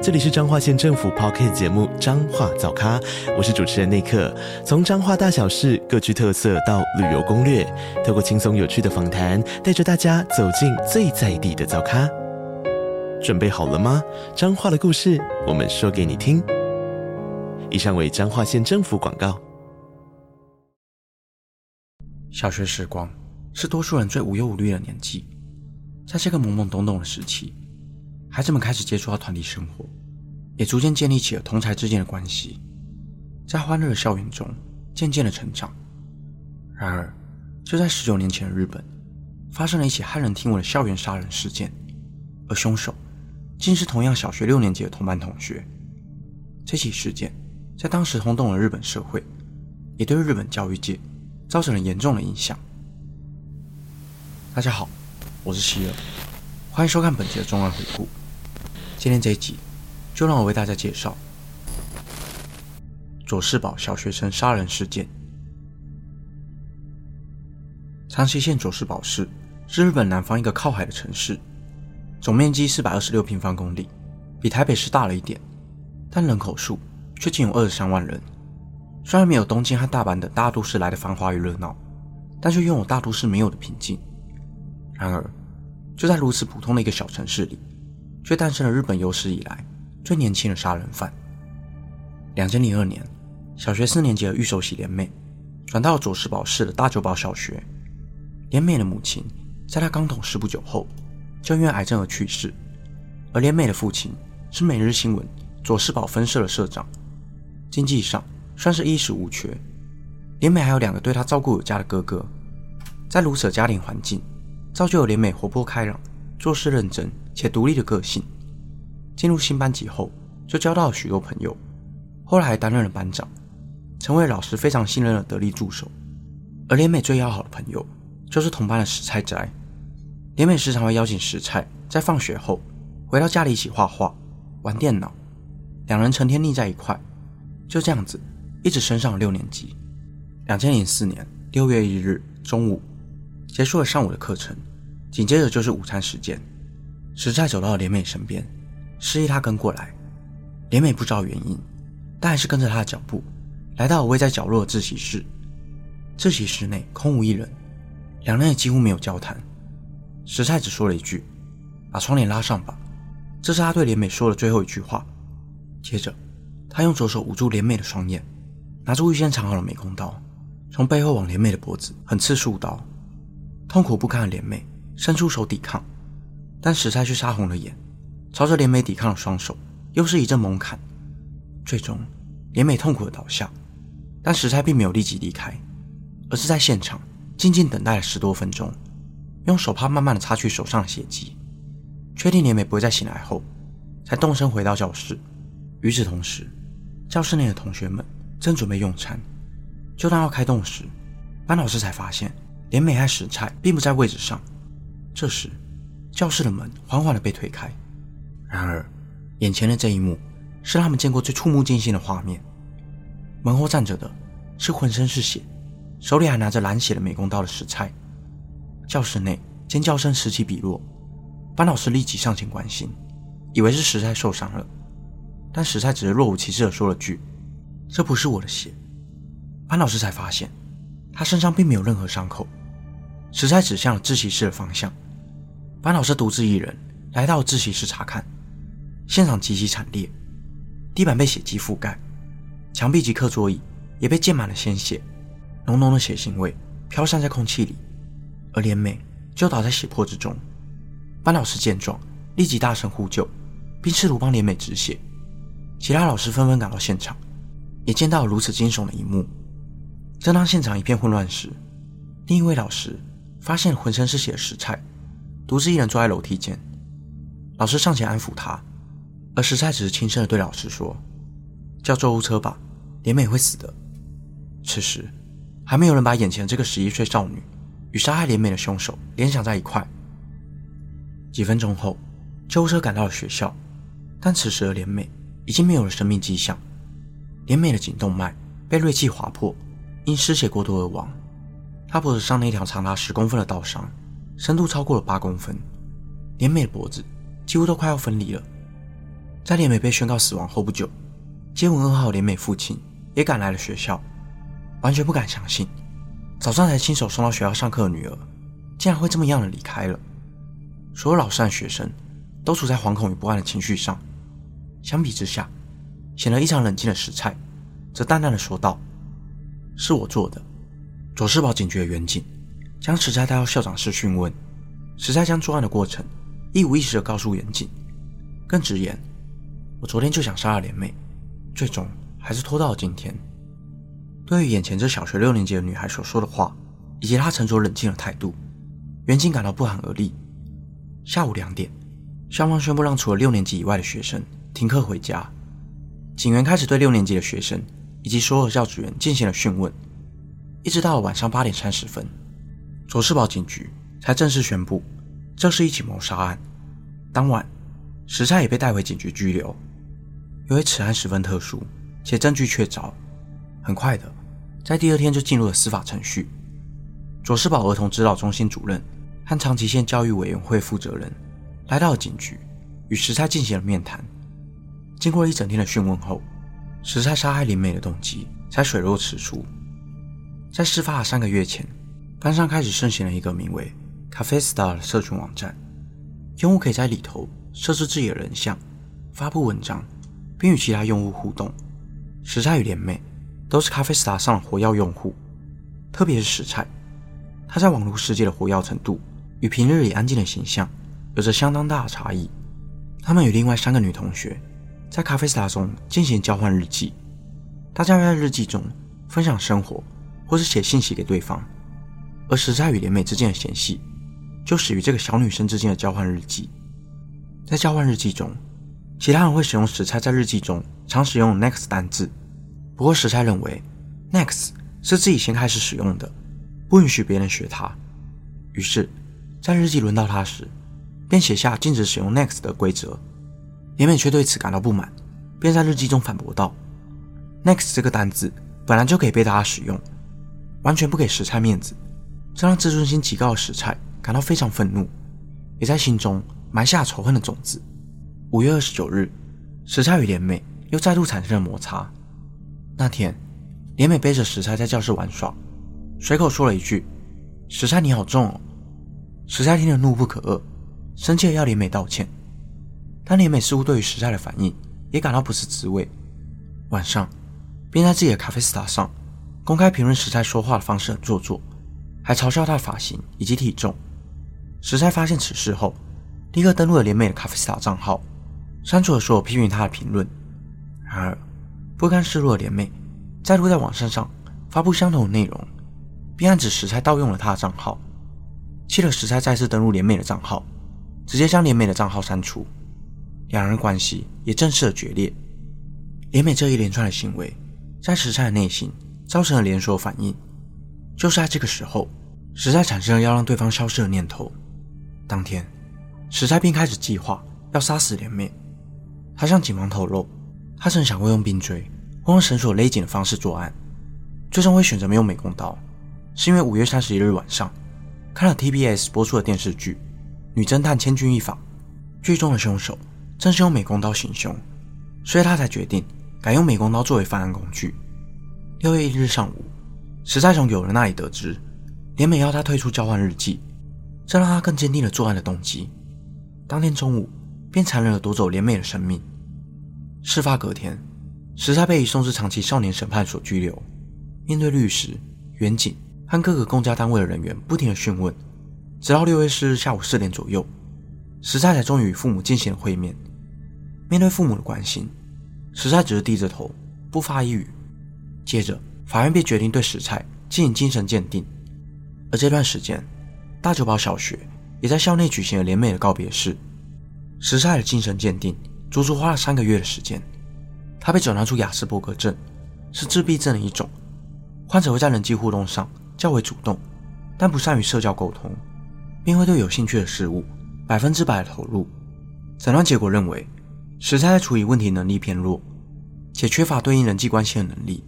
這裡是彰化縣政府 Podcast 節目《彰化早咖》，我是主持人內克。從彰化大小事各具特色到旅遊攻略，透過輕鬆有趣的訪談，帶着大家走進最在地的早咖。準備好了嗎？彰化的故事，我們說給你聽。以上為彰化縣政府廣告。小學時光是多數人最無憂無慮的年紀，在這個懵懵懂懂的時期。孩子們開始接觸到團體生活，也逐漸建立起了同儕之間的關係，在歡樂的校園中漸漸的成長。然而，就在十九年前的日本，發生了一起駭人聽聞的校園殺人事件，而兇手竟是同樣小學六年級的同班同學。這起事件在當時轟動了日本社會，也對日本教育界造成了嚴重的影響。大家好，我是希爾，歡迎收看本期的重案回顧。今天這一集，就讓我為大家介紹佐世保小學生殺人事件。長崎縣佐世保市是日本南方一個靠海的城市，總面積四百二十六平方公里，比台北市大了一點，但人口數卻僅有二十三萬人。雖然沒有東京和大阪等大都市來的繁華與熱鬧，但卻擁有大都市沒有的平靜。然而，就在如此普通的一個小城市裡。卻誕生了日本有史以來最年輕的殺人犯。兩千零二年，小學四年級的御手洗憐美轉到佐世保市的大久保小學。憐美的母親在她剛懂事不久後，就因為癌症而去世，而憐美的父親是每日新聞佐世保分社的社長，經濟上算是衣食無缺。憐美還有兩個對她照顧有加的哥哥，在如此的家庭環境，造就了憐美活潑開朗。做事認真且獨立的個性，進入新班級後就交到了許多朋友，後來還擔任了班長，成為老師非常信任的得力助手。而連美最要好的朋友就是同班的石菜宅，連美時常會邀請石菜在放學後回到家裡一起畫畫、玩電腦，兩人成天膩在一塊，就這樣子一直升上了六年級。2004年六月一日中午，結束了上午的課程。緊接着就是午餐時間，石菜走到了蓮美身邊，示意她跟過來。蓮美不知道原因，但還是跟着他的腳步，來到我位在角落的自習室。自習室內空無一人，兩人也幾乎沒有交談。石菜只說了一句：“把窗簾拉上吧。”這是他對蓮美說的最後一句話。接着，他用左手捂住蓮美的雙眼，拿出預先藏好的美工刀，從背後往蓮美的脖子狠刺數刀。痛苦不堪的蓮美。伸出手抵抗，但石菜卻殺紅了眼，朝着憐美抵抗的雙手又是一陣猛砍，最終，憐美痛苦地倒下。但石菜並沒有立即離開，而是在現場靜靜等待了十多分鐘，用手帕慢慢地擦去手上的血跡，確定憐美不會再醒來後，才動身回到教室。與此同時，教室內的同學們正準備用餐，就當要開動時，班老師才發現憐美和石菜並不在位置上。這時，教室的門緩緩地被推開，然而，眼前的這一幕是他們見過最觸目驚心的畫面。門後站着的是渾身是血，手裡還拿着染血的美工刀的石菜。教室內尖叫聲此起彼落，班老師立即上前關心，以為是石菜受傷了，但石菜只是若無其事地說了句：“這不是我的血。”班老師才發現，他身上並沒有任何傷口。石菜指向了自習室的方向。班老師獨自一人來到自習室查看，現場極其慘烈，地板被血跡覆蓋，牆壁及課桌椅也被濺滿了鮮血，濃濃的血腥味飄散在空氣裡，而憐美就倒在血泊之中。班老師見狀，立即大聲呼救，並試圖幫憐美止血。其他老師紛紛趕到現場，也見到了如此驚悚的一幕。正當現場一片混亂時，另一位老師發現渾身是血的石菜。獨自一人坐在樓梯間，老師上前安撫他，而實在只是輕聲地對老師說：“叫救護車吧，憐美會死的。”此時，還沒有人把眼前的這個十一歲少女與殺害憐美的兇手聯想在一塊。幾分鐘後，救護車趕到了學校，但此時的憐美已經沒有了生命跡象。憐美的頸動脈被銳器劃破，因失血過多而亡。她脖子上那條長達十公分的刀傷，深度超過了八公分，蓮美的脖子幾乎都快要分離了。在蓮美被宣告死亡後不久，接獲噩耗的蓮美父親也趕來了學校，完全不敢相信，早上才親手送到學校上課的女兒，竟然會這麼樣的離開了。所有老師和學生都處在惶恐與不安的情緒上，相比之下，顯得異常冷靜的石菜，則淡淡的說道：“是我做的，佐世保警局的員警。將時仔帶到校長室訊問，時仔將作案的過程一五一十地告訴員警，更直言：“我昨天就想殺了憐美，最終還是拖到了今天。”對於眼前這小學六年級的女孩所說的話，以及她沉着冷靜的態度，員警感到不寒而栗。下午兩點，校方宣布讓除了六年級以外的學生停課回家。警員開始對六年級的學生以及所有教職員進行了訊問，一直到晚上八點三十分。佐世保警局才正式宣布，這是一起謀殺案。當晚，石菜也被帶回警局拘留。因為此案十分特殊，且證據確鑿，很快的，在第二天就進入了司法程序。佐世保兒童指導中心主任和長崎縣教育委員會負責人來到了警局，與石菜進行了面談。經過一整天的訊問後，石菜殺害林美的動機才水落石出。在事發的三個月前。班上開始盛行了一個名為“咖啡 star” 的社群網站，用戶可以在裡頭設置自己的人像、發布文章，並與其他用戶互動。時菜與憐美都是咖啡 star 上的活躍用戶，特別是時菜，她在網絡世界的活躍程度與平日裡安靜的形象有着相當大的差異。她們與另外三個女同學在咖啡 star 中進行交換日記，大家會在日記中分享生活，或是寫信息給對方。而時差與蓮美之間的嫌隙，就始於這個小女生之間的交換日記。在交換日記中，其他人會使用時差，在日記中常使用 next 單字。不過時差認為 next 是自己先開始使用的，不允許別人學它。於是，在日記輪到他時，便寫下禁止使用 next 的規則。蓮美卻對此感到不滿，便在日記中反駁道：“next 這個單字本來就可以被大家使用，完全不給時差面子。”這讓自尊心極高的石差感到非常憤怒，也在心中埋下仇恨的種子。五月二十九日，石差與蓮美又再度產生了摩擦。那天，蓮美背着石差在教室玩耍，隨口說了一句：“石差你好重哦。”石差聽得怒不可遏，生氣的要蓮美道歉。但蓮美似乎對於石差的反應也感到不是滋味，晚上便在自己的咖啡斯塔上公開評論石差說話的方式很做作。還嘲笑他的髮型以及體重。石菜發現此事後，立刻登錄了蓮美的咖啡斯塔賬號，刪除了所有批評他的評論。然而，不甘示弱的蓮美再度在網站上發布相同的內容，並暗指石菜盜用了她的賬號。氣得石菜再次登錄蓮美的賬號，直接將蓮美的賬號刪除。兩人的關係也正式的決裂。蓮美這一連串的行為，在石菜的內心造成了連鎖反應。就是在這個時候，實在產生了要讓對方消失的念頭。當天，實在並開始計劃要殺死連面，他向警方透露，他曾想過用冰錐或用繩索勒緊的方式作案，最終會選擇沒用美工刀，是因為五月三十一日晚上看了 TBS 播出的電視劇《女偵探千鈞一髮》，劇中的凶手正是用美工刀行凶，所以他才決定改用美工刀作為犯案工具。六月一日上午。實在從友人那裡得知，連美要他退出交換日記，這讓他更堅定了作案的動機。當天中午，便殘忍地奪走連美的生命。事發隔天，實在被移送至長崎少年審判所拘留。面對律師、員警和各個公家單位的人員不停地訊問，直到六月四日下午四點左右，實在才終於與父母進行了會面。面對父母的關心，實在只是低着頭，不發一語。接着。法院便決定對石菜進行精神鑑定，而這段時間，大久保小學也在校內舉行了憐美的告別式。石菜的精神鑑定足足花了三個月的時間，他被診斷出亞斯伯格症，是自閉症的一種，患者會在人際互動上較為主動，但不善於社交溝通，並會對有興趣的事物百分之百的投入。診斷結果認為，石菜的處理問題能力偏弱，且缺乏對應人際關係的能力。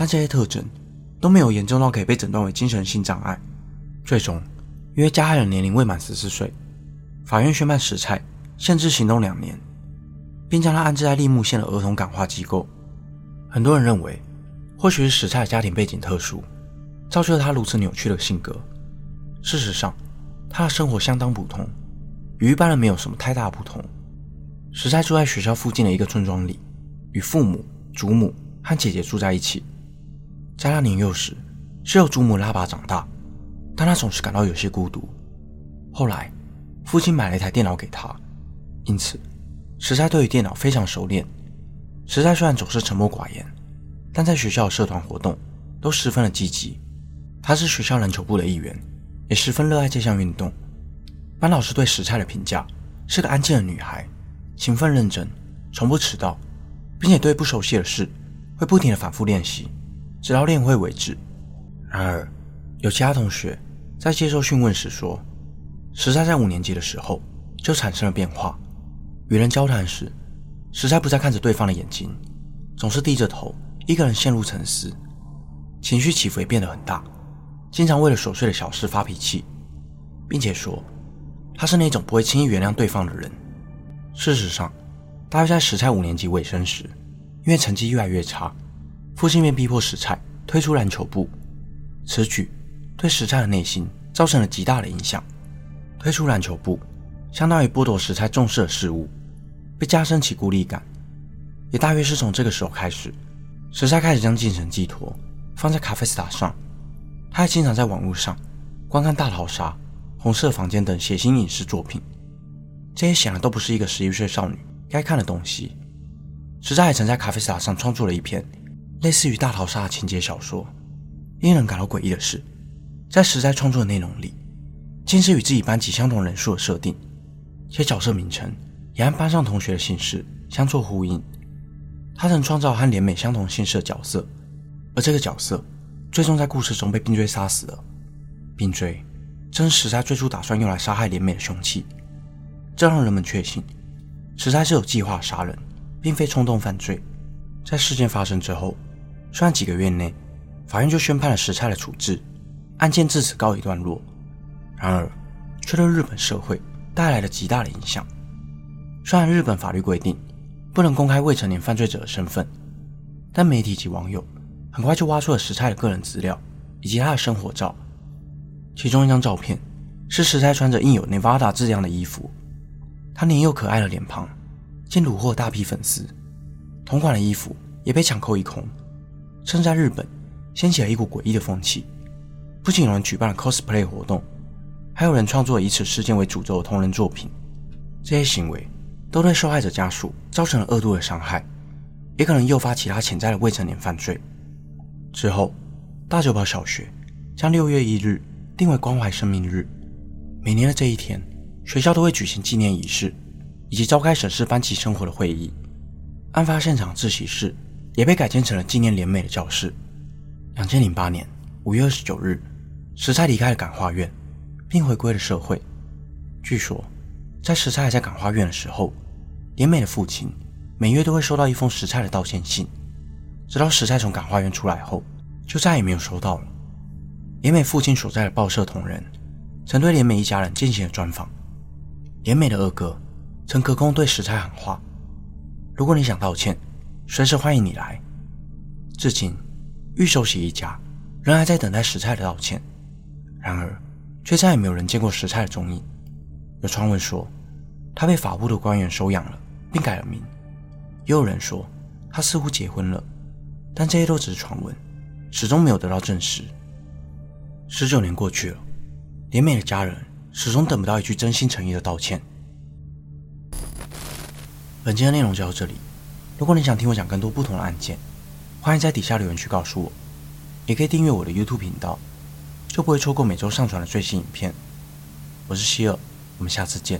但這些特徵都沒有嚴重到可以被診斷為精神性障礙。最終，因為加害人年齡未滿十四歲，法院宣判史菜限制行動兩年，並將他安置在立木縣的兒童感化機構。很多人認為，或許是史菜的家庭背景特殊，造就了他如此扭曲的性格。事實上，他的生活相當普通，與一般人沒有什麼太大的不同。史菜住在學校附近的一個村莊裡，與父母、祖母和姐姐住在一起。在他年幼時是由祖母拉拔長大，但他總是感到有些孤獨。後來，父親買了一台電腦給他，因此石菜對於電腦非常熟練。石菜雖然總是沉默寡言，但在學校的社團活動都十分的積極。她是學校籃球部的一員，也十分熱愛這項運動。班老師對石菜的評價是個安靜的女孩，勤奮認真，從不遲到，並且對不熟悉的事會不停的反覆練習直到練會為止。然而，有其他同學在接受訊問時說，實在在五年級的時候就產生了變化。與人交談時，實在不再看着對方的眼睛，總是低着頭，一個人陷入沉思。情緒起伏也變得很大，經常為了瑣碎的小事發脾氣，並且說他是那種不會輕易原諒對方的人。事實上，大約在實在五年級尾聲時，因為成績越來越差。父親便逼迫石菜退出籃球部，此舉對石菜的內心造成了極大的影響。退出籃球部，相當於剝奪石菜重視的事物，被加深其孤立感。也大約是從這個時候開始，石菜開始將精神寄托放在卡菲斯塔上。他還經常在網絡上觀看《大逃殺》《紅色房間》等血腥影視作品，這些顯然都不是一個十一歲少女該看的東西。石菜還曾在卡菲斯塔上創作了一篇。類似於大逃殺的情節小說。令人感到詭異的是，在石在創作的內容裡，竟是與自己班級相同人數的設定，且角色名稱也按班上同學的姓氏相作呼應。他曾創造和憐美相同姓氏的角色，而這個角色最終在故事中被冰錐殺死了。冰錐正是在最初打算用來殺害憐美的凶器。這讓人們確信，實在是有計劃殺人，並非衝動犯罪。在事件發生之後。雖然幾個月內，法院就宣判了石差的處置，案件至此告一段落，然而卻對日本社會帶來了極大的影響。雖然日本法律規定不能公開未成年犯罪者的身份，但媒體及網友很快就挖出了石差的個人資料以及他的生活照。其中一張照片是石差穿着印有 “Nevada” 字樣的衣服，他年幼可愛的臉龐，竟虜獲大批粉絲。同款的衣服也被搶購一空。正在日本掀起了一股詭異的風氣，不僅有人舉辦了 cosplay 活動，還有人創作以此事件為主軸的同人作品。這些行為都對受害者家屬造成了惡毒的傷害，也可能誘发其他潛在的未成年犯罪。之後，大久保小學將六月一日定為關懷生命日，每年的這一天，學校都會舉行紀念儀式，以及召開審視班級生活的會議。案發現場自習室。也被改建成了紀念蓮美的教室。兩千零八年五月二十九日，石菜離開了感化院，並回歸了社會。據說，在石菜還在感化院的時候，蓮美的父親每月都會收到一封石菜的道歉信，直到石菜從感化院出來後，就再也沒有收到了。蓮美父親所在的報社同仁曾對蓮美一家人進行了專訪。蓮美的二哥曾隔空對石菜喊話：“如果你想道歉。”隨時歡迎你來。至今，御手洗一家仍還在等待石菜的道歉，然而卻再也沒有人見過石菜的蹤影。有傳聞說，他被法務的官員收養了，並改了名；也有人說，他似乎結婚了，但這些都只是傳聞，始終沒有得到證實。十九年過去了，憐美的家人始終等不到一句真心誠意的道歉。本期的內容就到這裡。如果你想聽我講更多不同的案件，歡迎在底下留言區告訴我，也可以訂閱我的 YouTube 頻道，就不會錯過每周上傳的最新影片。我是希爾，我們下次見。